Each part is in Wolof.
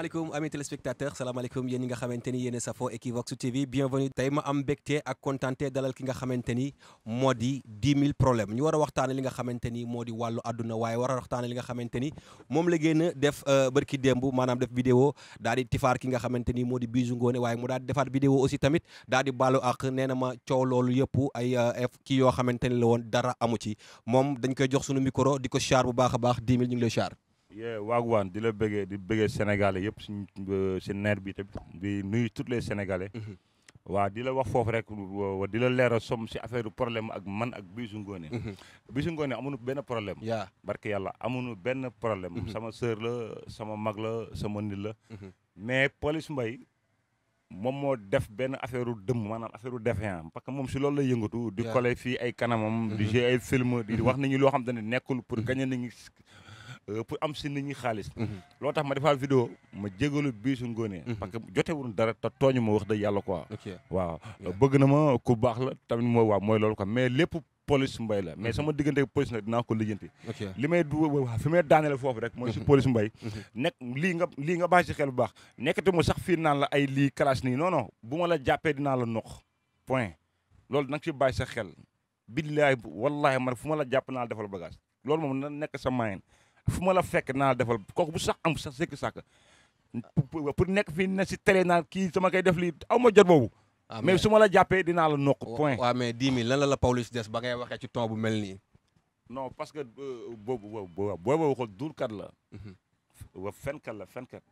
salaamaaleykum amis téléspectateurs salaamaaleykum yéen ñi nga xamante ni yéen a safoo Equivox TV bienvenue tey ma am mbégte ak kontaante dalal ki nga xamante ni moo di 10 000 problèmes ñu war a waxtaane li nga xamante ni moo di wàllu àdduna war a waxtaane nga xamante ni moom la génn def euh, bërki démb maanaam def vidéo daal di tifaar ki nga xamante ni moo di Bijou Ngoné waaye mu daal di defaat vidéo aussi tamit daal di baalu ak nee na ma coow loolu yëpp ay euh, yoo xamante ni la woon dara amu ci moom dañ koy jox sunu micro di ko char bu baax a baax 10 000 ñu char yee Wagwan di la bëggee di bëggee Sénégalais yëpp suñ si euh, neer bi tamit di nuyu tous les mhm. waa di la wax foofu rek di la leeral som si affaire problème ak man ak Bijou Ngoné. Mhm. Bijou Ngoné amuñu benn problème. yaa barke yàlla amuñu benn problème. Mhm. sama sœur la sama mag la sama nit la. mais police mbay moom moo def benn affaire dëmm maanaam affaire défaillant parce que moom si loolu lay yëngatu. di coller fii ay kanamam. di jouer ay film di wax nañu loo xam te ne nekkul pour gagner nañu. Euh, pour am si nit ñi xaalis. Mhm. loo tax ma defaat vidéo ma jégalu biisu ngóone. Mhm. parce que jotewul dara te tooñu ma wax dëgg yàlla ko waaw bëgg na ma ku baax la tamit mooy waaw mooy loolu quoi mais lépp police mbay la mais sama diggante police nag dinaa ko lijjanti. li may du fi foofu rek mooy si mhm. police mbay. nekk lii lii nga baax si xel bu sax fii naan la ay lii classe nii non non bu ma la jàppee dinaa la noq point loolu nag si bàyyi sa xel billaay wallahi man fu ma la jàpp naa la defal bagage loolu moom na nekk sa moyen. fu ma la fekk naa defal kooku bu sax am sax sekk sàkk pour nekk fii ne si télé naan kii sama koy def lii aw ma jot boobu mais suma la jàppee dinaa la nokk point waaw mais dix mille lan la la Pawlish des ba ngay waxee ci ton bu mel nii non parce que euh, boobu boobu waxul dulkat la mhm. wa fenkat la fenkat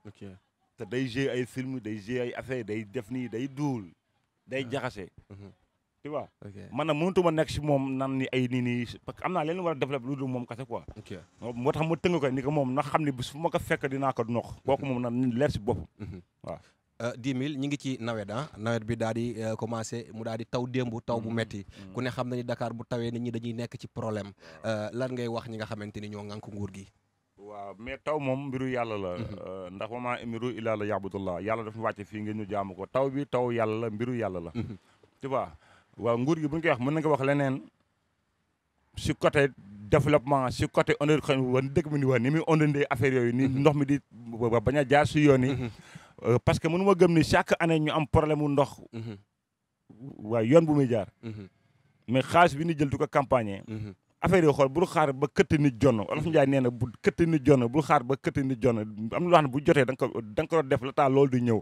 te day jouer ay film day jouer ay affaire day def nii day duul day ah. jaxase mhm. tu vois maanaam mënatu ma nekk si moom nan ni ay nii nii parce que am naa leen war a développé lu du moom kese quoi ma tënk ko ni ko moom na xam ne bis fu ma ko fekk dinaa ko nox mhm. kooku moom na leer si mhm. waaw euh, dix mille ñu ngi ci nawet ah nawet bi daal di euh, commencé mu daal di taw démb taw bu mhm. metti ku ne xam na ni Dakar bu tawee nit ñi dañuy nekk ci problème euh, lan ngay wax ñi nga xamante ni ñoo ko nguur gi waaw mais taw moom mbiru yàlla la ndax wama imiru illaa la yaabudullah yàlla dafa wàcce fii ngeen ñu jaamu ko taw bi taw yàlla la mbiru yàlla la waaw nguur gi bu ñu koy wax mën na nga wax leneen si côté développement si côté onde wan dëkk mi ni waa ni muy ondandee affaire yooyu nii mhm. ndox mi di bañ a jaar si yoon yi mhm. euh, parce que mënu ma gëm ni chaque année ñu am problème mu ndox mhm. waaye yoon bu muy jaar mais xaalis bi nu jël du ko campagne affaire yoo xool bu xaar ba këtt nit jonn olof Njaay nee na bu këtt nit jonn bul xaar ba këtt nit jonn am na loo xam bu jotee da nga ko da def la taa loolu du ñëw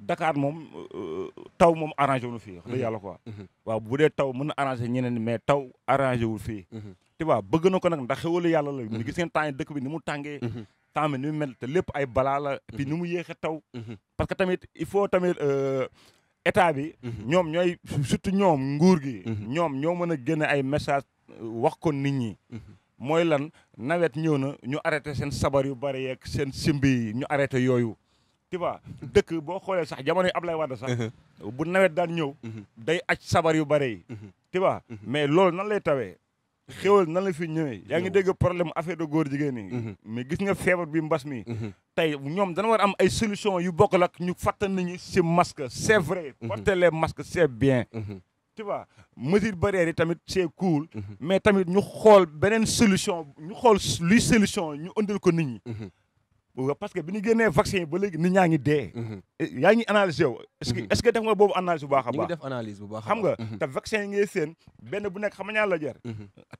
dakaar moom euh, taw moom arrangé wu fii. wax mhm. yàlla quoi. Mhm. waaw bu dee taw mën na arrangé ñeneen mais taw arrangé wu fi mhm. tu vois bëgg na ko nag ndax xéwalu yàlla la. ñu gis ngeen temps yi dëkk bi ni mu tàngee. temps bi ni mu mel te lépp ay balaa la. puis ni mu yéexee taw. parce que tamit il faut tamit euh, état bi. ñoom ñooy surtout ñoom nguur gi. ñoom ñoo mën a génne ay message euh, wax ko nit ñi. mooy lan nawet ñëw na ñu arrêté seen sabar yu bari yeeg seen simbi yi ñu arrêté yooyu. tu dëkk boo xoolee sax jamono ab lay Wade sax uh-huh. bu nawet daan ñëw uh-huh. day aj sabar yu bare yi uh-huh. tu mais loolu nan lay tawee xéwal na la fi ñëwee yaa ngi dégg problème affaire de góor jigéen yi mais gis nga feebar bi mbas mi tey ñoom dana war am ay solution yu bokk ak ñu fàttali ñu si masque c'est vrai porter les masques c'est bien tu vois mesure barrière yi tamit c'est cool mais tamit ñu xool beneen solution ñu xool luy solution ñu ëndal ko nit ñi parce que bi ñu génnee vaccin yi ba léegi nit ñaa ngi dee. Mhm. Eh, yaa ngi analysé yow. est-ce que mhm. est-ce que def nga boobu analyse bu baax a baax. ñu ngi def analyse bu baax xam nga mhm. te vaccin yi ngay seen benn bu nekk xam nga ñaar la jar.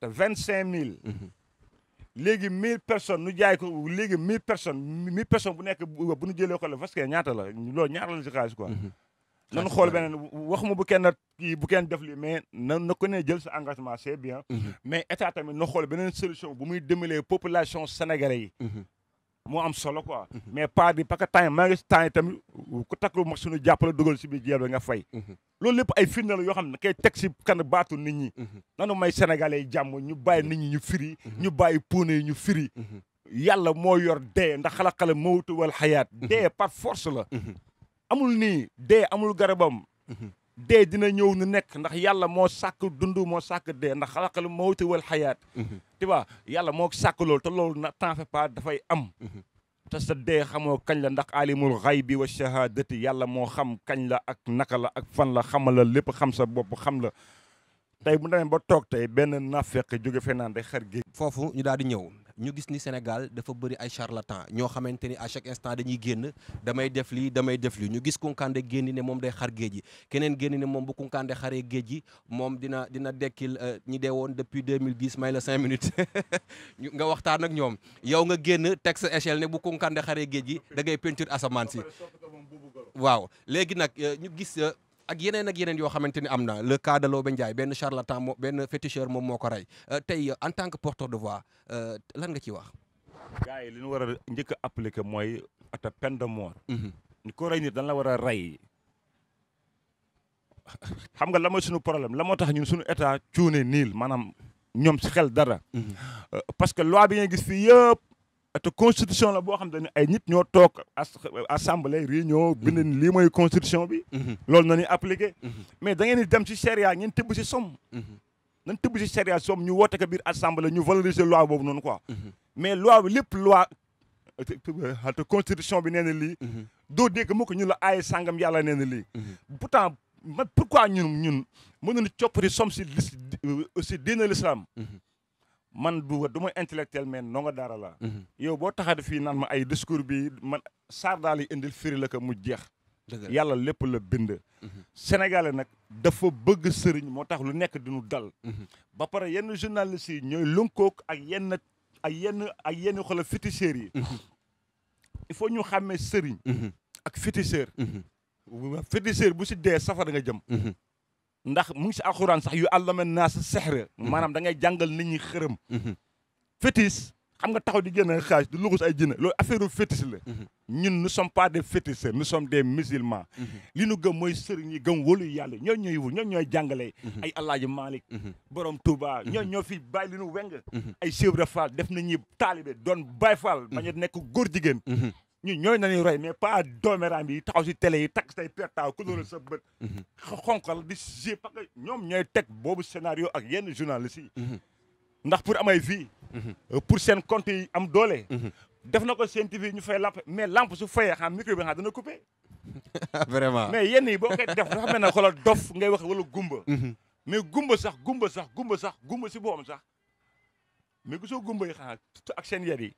te vingt cinq mille. léegi mille personnes nu jaay ko léegi mille personnes mille personnes bu nekk bu ñu jëlee ko la vaccin ñaata la loolu ñaata la ci xaalis quoi. nan xool beneen waxuma bu kenn kii bu kenn def lii mais na na ko ne jël sa engagement c'est bien. mais état tamit na xool beneen solution bu muy dimbalee population sénégalais yi. moo am solo quoi. Mhm. mais pas bi parce que temps maa ngi si temps yi tamit ku takku ma suñu jàppale dugal si biir jéem nga fay. Mhm. loolu lépp ay firnde la yoo xam ne kay teg si kan baatu nit ñi. Mhm. nanu may sénégalais jàmm ñu bàyyi nit ñi ñu firi. ñu bàyyi puune yi ñu firi. yàlla moo yor dee ndax xalaxala mawtu wal xayaat. dee par force la. amul nii dee amul garabam. dee dina ñëw nu nekk ndax yàlla moo sakk dund moo sàkk dee ndax xalaqal mawti wal xayaat mhm. tu vois yàlla moo sàkk loolu te loolu na temps fait dafay am mhm. te sa dee xamoo kañ la ndax alimul xaybi wa shahadati yàlla moo xam kañ la ak naka la ak fan la xamal lépp xam sa bopp xam la tey bu demee ba toog tey benn nafeq jóge fee naan day xar géej foofu ñu daal di ñëw ñu gis ni Sénégal dafa bëri ay charlatan ñoo xamante ni à chaque instant dañuy génn damay def lii damay def lii ñu gis Kunkandé génn ne moom day xar géej gi keneen génn ne moom bu Kunkandé xare géej yi moom dina dina dekkil euh, ñi dee woon depuis 2010 may la cinq minutes nga waxtaan ak ñoom yow nga génn teg sa échelle ne bu Kunkandé xaree géej yi dangay ngay asamaan si waaw léegi nag euh, ñu gis euh, ak yeneen ak yeneen yoo xamante ni am na le cas de Lobé Ndiaye benn charlatan moo féticheur moom moo ko rey euh, tey euh, en tant que porteur de voix euh, lan nga ciy wax. gars yi li ñu war a njëkk a mooy ata peine de mort. Mhm. ko rey nit dañ la war a rey. xam nga la mooy suñu problème la tax ñun suñu état cuune niil maanaam ñoom si xel dara. Mhm. parce que loi bi ngay gis fii yëpp. te constitution la boo xam ne ay nit ñoo toog assemblée réunion mhm. bind lii mooy constitution bi. Mhm. loolu na ñuy mhm. mais da ngeen dem si charia ngeen tëbb ci somme. nan tëbb ci charia somme ñu woote ko biir assemblée ñu valoriser loi boobu noonu ko mais loi bi lépp loi euh, te constitution bi nee na lii. doo dégg mu ko ñu la aaye sangam yàlla nee na lii. pourtant man pourquoi ñun ñun mënuñu coppati somme si si dina l'islam man du du ma intellectuel mais ndongo daara mhm. yow boo taxaat fii naan ma ay discours bi man saar daal yi indil firi la ko mu jeex. yàlla lépp la bind. Mhm. Sénégalais nag dafa bëgg sëriñ moo tax lu nekk dinu nu dal. Mhm. ba pare yenn journalistes yi ñooy lënkook ak yenn ak yenn ak yenn xoolal féticheurs yi. il faut ñu xàmmee sëriñ. ak féticheur. féticheur bu si dee safara nga jëm. ndax mu ngi si alxuraan sax yu àllama naas sexra mhm. maanaam da jàngal nit ñi xërëm mhm. fétis xam nga taxaw di génn xaaj du luxus ay jinne loolu affaire fétis la mhm. ñun nous sommes de des féticheurs nous sommes des musulmans li ñu gëm mooy sëriñ ñi gëm wóolu yàlla ñoo ñooy wul ñooy jàngale ay alaaji Malick borom Touba ñoo ñoo fi bàyyi li ñu weng ay Cheikh Ibra Fall def nañuy taalibe doon Baye Fall bañ a nekk góor jigéen ñun ñooy nañuy roy mais pas dooméram bi taxaw si télé yi takk say pertaaw ku doon sa bët. Mhm. xonqal di si parce que ñoom ñooy teg boobu scénario ak yenn journalistes yi. Mhm. ndax pour amay vie. Mhm. Euh, pour seen compte yi am doole. def na ko seen TV ñu fay lamp mais lamp su fayee xam micro bi xam dana coupé. vraiment mais yenn yi boo koy def dafa mel ne xoolal dof ngay wax wala gumba. mais gumba sax gumba sax gumba sax gumba si boom sax mais gisoo gumba yi xanaa ak seen yar yi.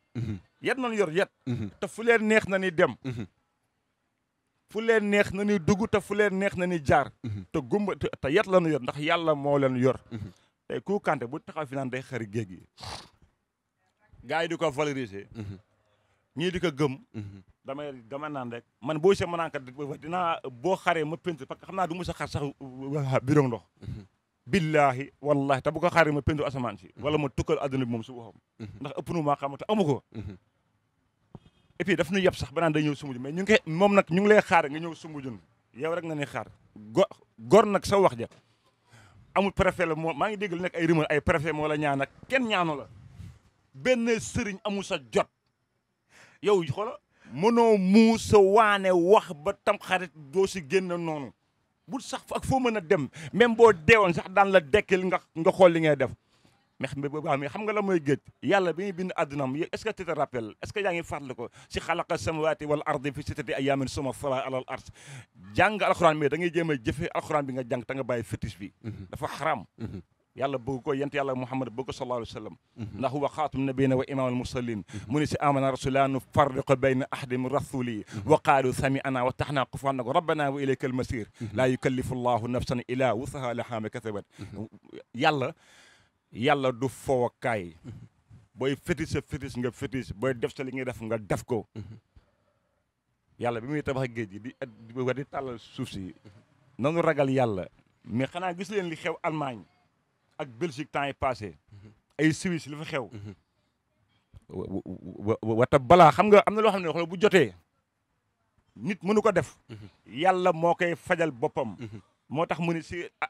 yet nañu yor yet mm-hmm. te fu leen neex na ni dem mm-hmm. fu leen neex na ni dugg te leen neex na ni jaar mm-hmm. te gumba te yet lañu yor ndax yàlla moo leen yor tey ku Kanté bu taxaw fi naan day xari géej gi gars yi di ko valoriser ñii di ko gëm damay dama naan rek man boo see mënaan kat dinaa boo xaree ma peinture parce que xam naa du mos a xar sax biroŋ ndox billaahi wallaahi te bu ko xaree ma peinture asamaan si wala ma tukkal adduna bi moom si waxam ndax ëpp nu maa xam te amu ko et puis daf ñu yeb sax ba naan day ñëw Soumbédioune mais ñu ngi koy moom nag ñu ngi lay xaar nga ñëw Soumbédioune yow rek nga ne xaar go gor nag sa wax ja amul préfet la moo maa ngi dégg lu nekk ay rumeur ay préfet moo la ñaan ak kenn ñaanu la benn sëriñ amul sa jot yow xoola mënoo muu sa waane wax ba tam xarit doo si génn noonu bul sax ak foo mën a dem même boo deewoon sax daan la dekkil nga nga xool li ngay def mais waaw mais xam nga la mooy géej yàlla bi muy bind àddunam est-ce que tu te rappelles est-ce que yaa ngi fàttali ko si xalaqa samawati wal ardi fi sittati ayamin suma fala alal ars jàng alxuraan mais da ngay jéem a jëfee alxuraan bi nga jàng te nga bàyyi fétiche bi mhm. dafa xaram mhm. yàlla bëgg ko yent yàlla muhammad bëgg ko sallallahu alayhi wa sallam mhm. ndax huwa xaatum nabiyina wa imaam al mursalin mu ne si amana rasulullah nu farriqu bayna ahadi min rasuli wa qaalu sami'ana wa taxnaa qufraanak rabbana wa ilayka al masir laa yukallifu llahu nafsan ila wusaha lahaa ma kasabat yàlla yàlla du fowakaay mm-hmm. booy fétis sa fétis nga fétis booy def sa li ngay def nga def ko mm-hmm. yàlla bi muy tabax géej gi di di tàllal suuf si mm-hmm. nanu ragal yàlla mais xanaa gis leen li xew Allemagne ak Belgique temps yi passé ay Suisse li fa xew wata balaa xam nga am na loo xam ne wax bu jotee nit mënu ko def yàlla moo koy fajal boppam moo tax mu ni si ah,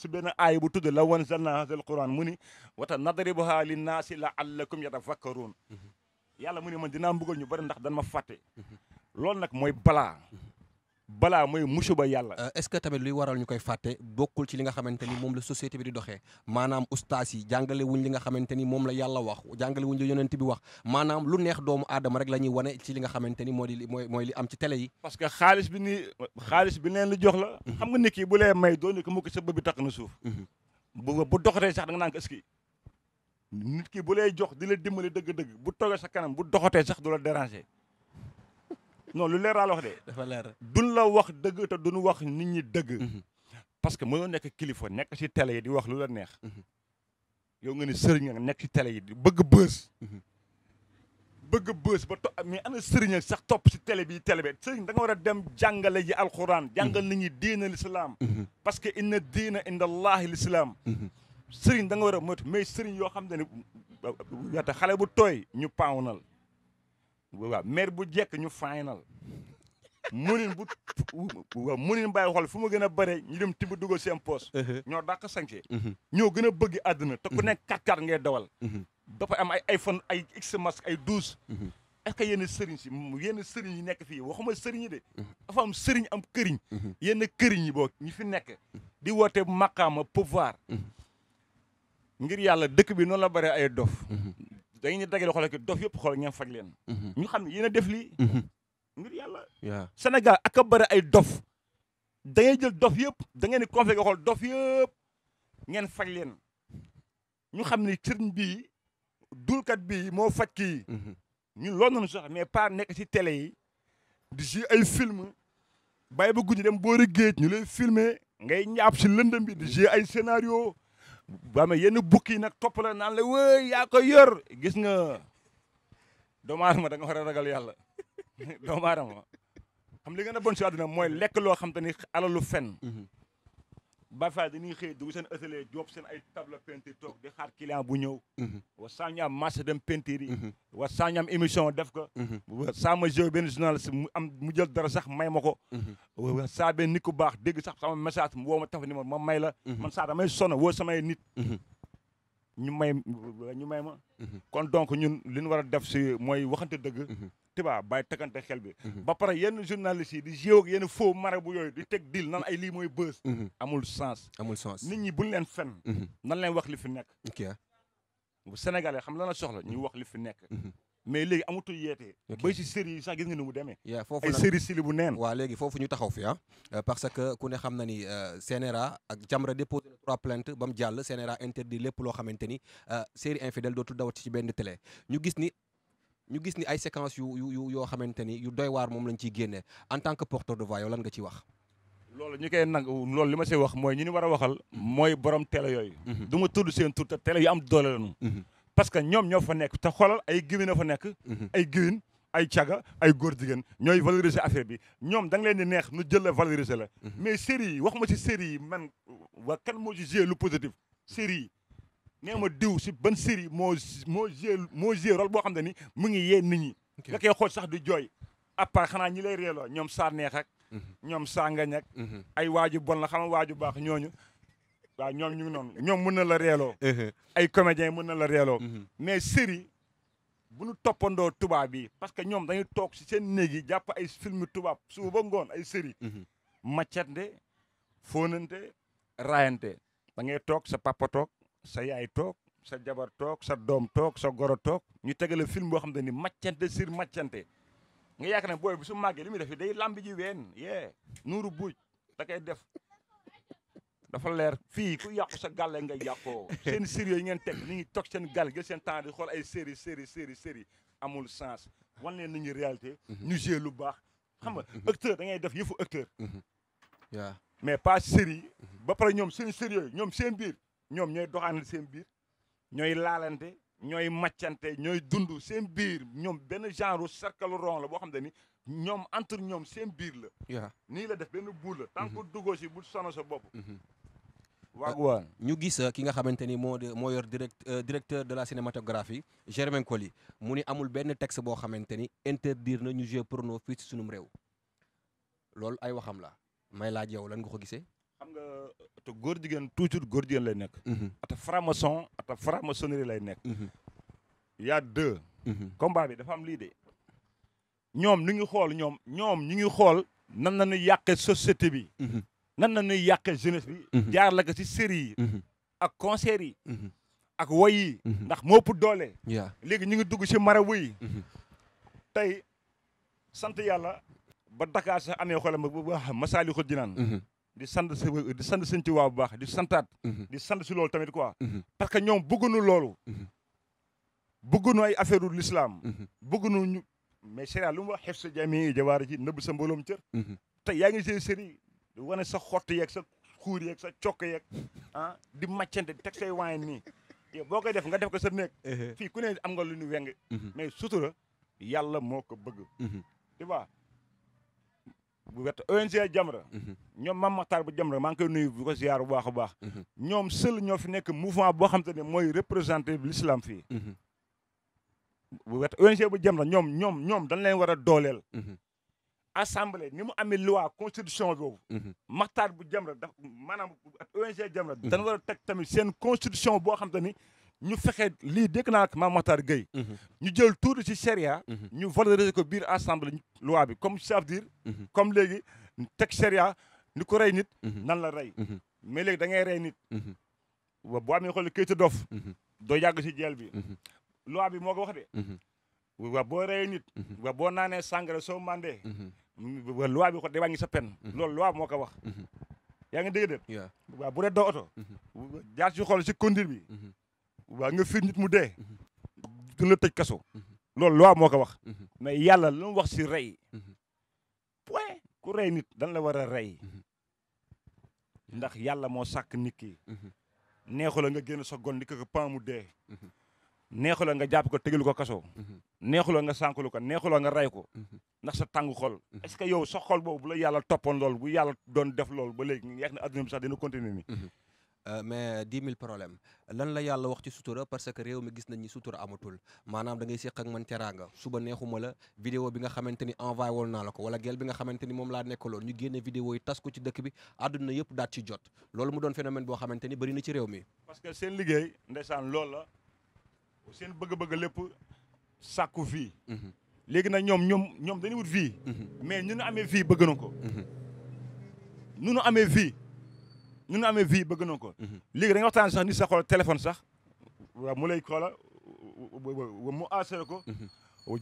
si benn aay bu tudd la wan zalna hazal quran mu ni wata nadribuha linnaasi laallakum yatafakkaruun mm-hmm. yàlla mu ni man dinaa mbugal ñu bari ndax dan ma fàtte mm-hmm. loolu nag mooy balaa mm-hmm. balaa mooy ba yàlla. Euh, est-ce que tamit luy waral ñu koy fàtte bokkul ci li nga xamante ni moom la société bi di doxee maanaam ustaas yi jàngale li nga xamante ni moom la yàlla wax jàngale wuñ la yonent bi wax maanaam lu neex doomu aadama rek la ñuy wane ci li nga xamante ni moo di mooy mooy li am ci télé yi. parce que xaalis bi ni xaalis bi leen la jox la. Mhm. xam nga nit ki bu lay may doon ko mu ko sa bëbi takk na suuf. Mhm. bu bu doxatee sax da nga naan ko est ki bu lay jox di la dimbali dëgg-dëgg bu toogee sa kanam bu doxatee sax du la déranger. non lu leer wax de. dafa leer duñ la wax dëgg te duñu wax nit ñi dëgg. Mhm. parce que mënoo nekk kilifa nekk si télé yi di wax lu la neex. Mhm. yow nga ne sëriñ nekk ci tele yi di bëgg bës. Mhm. bëgg bës ba to mais ana sëriñ sax topp ci tele bi télé bi sëriñ da nga war a dem jàngale ji alxuraan. jàngal nit ñi diina lislaam parce que inna diina inda allahi lislaam sëriñ da nga war a moytu mais sëriñ yoo xam ne ne xale bu tooy ñu paawnal waaw maire bu jekk ñu final munin bu waaw munin bàyyi xool fu mu gën a bëre ñu dem tibb dugal seen poos uh-huh. ñoo dàq sànke uh-huh. ñoo gën a bëgg àdduna te ku uh-huh. nekk kat-kat ngay dawal dafa am ay iPhone ay X masque ay douze est-ce yenn sëriñ si yenn sëriñ yi nekk fii waxuma sëriñ de dafa am sëriñ am këriñ yenn këriñ yi boo ñi fi nekk di woote a pouvoir ngir yàlla dëkk bi noonu la bare ay dof dañu ne dagale xool dof yëpp xool ngeen faj leen. Mhm. ñu xam ne yéen a def lii. Mhm. ngir yàlla. waaw Sénégal ak a ay dof. da dof yëpp da ngeen di xool dof yëpp faj leen ñu xam ne sëriñ bii dulkat bii moo faj kii. Mhm. ñun loolu nañu soxla mais par nekk si télé yi di si ay film bàyyi ba guddi dem boori géej ñu lay filmer ngay ñaap si lëndëm bi di jouer ay scénario ba amee yenn bukki nag topp la naan la wéy yaa ko yor gis nga doomu aadama da nga war a ragal yàlla doomu aadama xam li gën a bon si àdduna mooy lekk loo xam te ni alalu fen mhm. Baye Fall dañuy xëy dugg seen atelier job seen ay table peinture toog di xaar client bu ñëw. Mhm. wa saa ñu am marché dem peinture mhm. wa saa ñu am émission def ko. Mhm. wa saa ma joué benn journaliste mu am mu jël dara sax may ma ko. wa saa benn nit ku baax dégg sax sama message woo ma taf ni ma ma may la. man saa damay sonn woo samay nit. ñu may euh, may ma. Mhm. kon donc ñun li ñu war a def si mooy waxante dëgg. Mhm. Tiba bàyyi tegante xel bi. Mhm. ba pare yenn journaliste yi di jéew ak yenn faux marabu yooyu di teg dil nan ay lii mooy bës. amul sens. amul sens nit ñi buñ leen fen nan leen wax li fi nekk. bu Sénégalais xam lan soxla ñu wax li fi nekk. mais léegi amatul yeete. ba ci série sax gis nga ni mu demee. foofu ay série si li bu neen. waa léegi foofu ñu taxaw fi ah. Euh, parce que ku ne xam na ni CNRA euh, ak Jamra déposé na trois plaintes ba mu jàll CNRA interdit lépp loo xamante ni euh, série infidèle dootul dawati ci benn télé ñu gis ni. ñu gis ni ay séquences yu yu yu yoo xamante ni yu doy waar moom lañ ciy génne en tant que porteur de voix yow lan nga ciy wax. loolu ñu koy nag loolu li ma see wax mooy ñu ni war a waxal. Mhm. mooy borom télé yooyu. Mhm. du ma seen tur te télé yu am parce que ñoom ñoo fa nekk te xoolal ay giwin a fa nekk mhm. ay giwin ay caga ay góor jigéen ñooy valoriser affaire bi ñoom da leen di neex nu jël la valoriser la mhm. mais série yi wax ma ci série yi man waa kan moo ci joué lu positif série yi nee ma diw si ban seri moo moo joué moo joué boo xam ne ni mu ngi yee nit ñi nga koy xool sax di jooy à part xanaa ñi lay reeloo ñoom saa neex ak mhm. ñoom saa nga ak ay waaju bon la xama nga waaju baax ñooñu waaw ñoom ñu ngi noonu ñoom mën na la reeloo uh-huh. ay comédiens mën na la reeloo uh-huh. mais série bu ñu toppandoo tubaab yi parce que ñoom dañuy toog si seen néeg yi jàpp ay film tubaab suba ba ngoon ay série uh-huh. maccante fóonante raayante da ngay toog sa papa toog sa yaay toog sa jabar toog sa doom toog sa goro toog ñu la film boo xam ni maccante sur maccante nga yaakaar ne booy bu su màggee li muy def day lamb ji ween yee nuuru buuj da koy def dafa leer fii ku yàqu sa gàlle nga yàqoo seen série yi ngeen teg ni ngi toog seen gàlle jël seen temps di xool ay série série seri série amul sens wan leen ni mhm. ñu réalité ñu joué lu baax xam nga mhm. acteur da ngay def yëfu acteur mhm. mais pas série ba pare ñoom seen série yooyu ñoom seen biir ñoom ñooy doxaanal seen biir ñooy laalante ñooy màccante ñooy dundu seen biir ñoom benn genre cercle rond la boo xam ne ni ñoom entre ñoom seen biir la nii la def benn buur la tant que duggoo si bu sono waaw euh, ñu gis euh, ki nga xamante ni moo moo yor direct euh, directeur de la cinématographie Germain Coly mu ni amul benn text boo xamante ni interdire na ñu jouer porno fii ci sunum réew loolu ay waxam la may laaj yow lan nga ko gisee. xam nga te góor jigéen toujours góor jigéen lay nekk. Mhm. ata franc-maçon ata franc-maçonnerie lay nekk. Mhm. y a deux. Mhm. combat bi dafa am lii de. ñoom ñu ngi xool ñoom ñoom ñu ngi xool nan la ñu yàqee société bi. nan na ñuy yàqee jeunesse bi. Mhm. jaar la ko si série yi. Mhm. ak concert yi. Mhm. ak woy yi. ndax moo ëpp doole. léegi ñu ngi dugg si marabu yi. tey sant yàlla. ba Dakar sax amee xolam bu baax Masaalikul Jinaan di sant si di sant sëñ Tuubaa bu baax di santaat. di sant si loolu tamit quoi. parce que ñoom bëgguñu loolu. bëgguñu ay affaire u l'islam. bëgguñu ñu mais Serigne lu mu wax xef sa jami jawaar ji nëbb sa mbooloom cër. tey yaa ngi see série wane sa xott yeeg sa xuur yeeg sa cokk yeeg ah di màccante teg say waayen nii boo koy def nga def ko sa néeg fii ku ne am nga lu ñu weng mhm. mais sutura yàlla moo ko bëgg mhm. tu vois bu wet ONG Jamra mhm. ñoom Mame Makhtar bu Jamra maa ngi koy nuyu bu ko ziar bu baax a baax ñoom seul ñoo fi nekk mouvement boo xam te ne mooy représenté l'islam fii bu wet ONG bu Jamra ñoom ñoom ñoom dañ leen war a dooleel assemblée ni mu amee loi constitution boobu. Mhm. maxtaar bu Jamra daf maanaam ak ONG Jamra. Mhm. dañu war teg tamit seen constitution boo xam te ni ñu fexe lii dégg naa ak Mame Makhtar mhm. ñu jël tuuti ci charia. ñu valoriser ko biir assemblée loi bi comme ça veut comme léegi teg charia ni ko rey nit. nan la rey. mais léegi da ngay rey nit. wa boo amee xool kayitu dof. doo yàgg si jeel bi. loi bi moo ko wax de. wa boo reyee nit. wa boo naanee sangara soo mandee. loi bi ko day wàññi sa pen mhm. loolu loi moo ko wax mhm. yaa nga dégg de waaw bu dee doo oto mhm. jaar ci xool si conduite bi waaw nga fiir nit mu dee du la tëj kaso loolu loi moo ko wax mais yàlla lu mu wax si rey point ku rey nit dan la war a rey ndax yàlla moo sàkk nit ki neexu la nga génn sa gon di ko pan mu dee neexuloo nga jàpp ko tëgalu ko kaso mhm. neexuloo nga sànkalu ko neexuloo nga ray ko mhm. ndax sa tàngu xol mhm. est-ce que yow sa xol boobu bu la yàlla toppoon loolu bu yàlla doon def loolu ba léegi euh, la wax ci sutura parce que réew mi gis nañ ni sutura amatul maanaam da ngay séq ak man teraanga suba neexuma la vidéo bi nga xamante ni envoyé woon naa la ko wala gel bi nga xamante ni moom laa nekkaloon ñu génne vidéo yi tas ko ci dëkk bi àdduna yëpp daat ci jot loolu mu doon phénomène boo xamante ni bëri na ci réew mi parce que seen liggéey ndeysaan loolu la seen bëgg-bëgg lépp sàkku fii. Mhm. léegi nag ñoom ñoom ñoom dañuy wut fii. Mhm. mais ñu nu amee fii bëgg na ko. ñu mhm. nu amee fii ñu nu amee fii bëgg na ko. léegi dañuy waxtaan sax ni sa xool sax. waaw mu lay xoola mu assuré ko.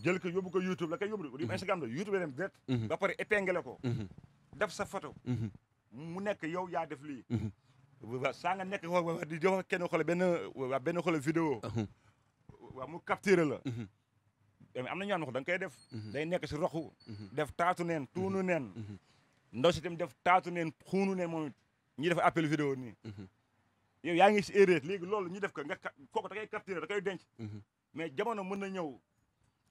jël ko yóbbu ko YouTube la koy yóbbu. di Instagram la YouTube dem direct. ba pare épinglé ko. def sa photo. mu nekk yow yaa def lii. saa nga nekk di jox kenn xool benn benn xool vidéo. waa mu capturer la mhm. eh, am na ñoo xam ko da nga koy def mhm. day nekk si roxu mhm. def taatu neen tuunu neen ndaw si tam def taatu neen xuunu neen moom it ñi def appel vidéo nii yow yaa ngi si erreur léegi lool ñu def ko nga kooku da koy capturer da koy denc mais jamono mën na ñëw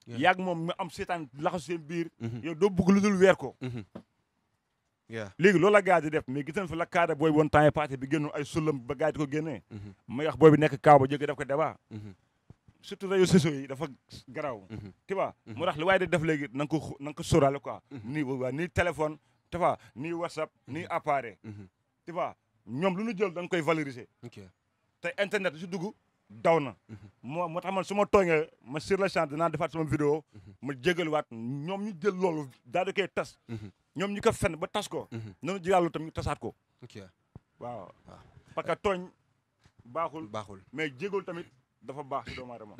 yàgg moom mu am seetaan laxasu seen biir yow doo bëgg lu dul weer ko waaw léegi loolu la gars def mais gis nañ fi la kaada booy woon temps yi passé bi génnoon ay sulam ba gars ko génnee may wax booy bi nekk kaaw ba jóge ko débat surtout réseaux sociaux yi dafa garaaw. Mhm. tu vois mhm. moo tax lu waaye di def léegi na nga ko na nga ko sóoraale quoi. Mhm. nii waa nii téléphone tu vois nii nii appareil. tu vois ñoom lu ñu jël da nga koy valoriser. te internet su dugg daw na. moo moo tax man su ma tooñee ma sur le champ dinaa defaat sama vidéo ma jégaluwaat ñoom ñu jël loolu daal di tas. ñoom ñu ka fen ba tas ko. noonu jëlaat tam ñu tasaat ko. ok waaw. parce que tooñ baaxul baaxul mais tamit. dafa baax ci doomu aadama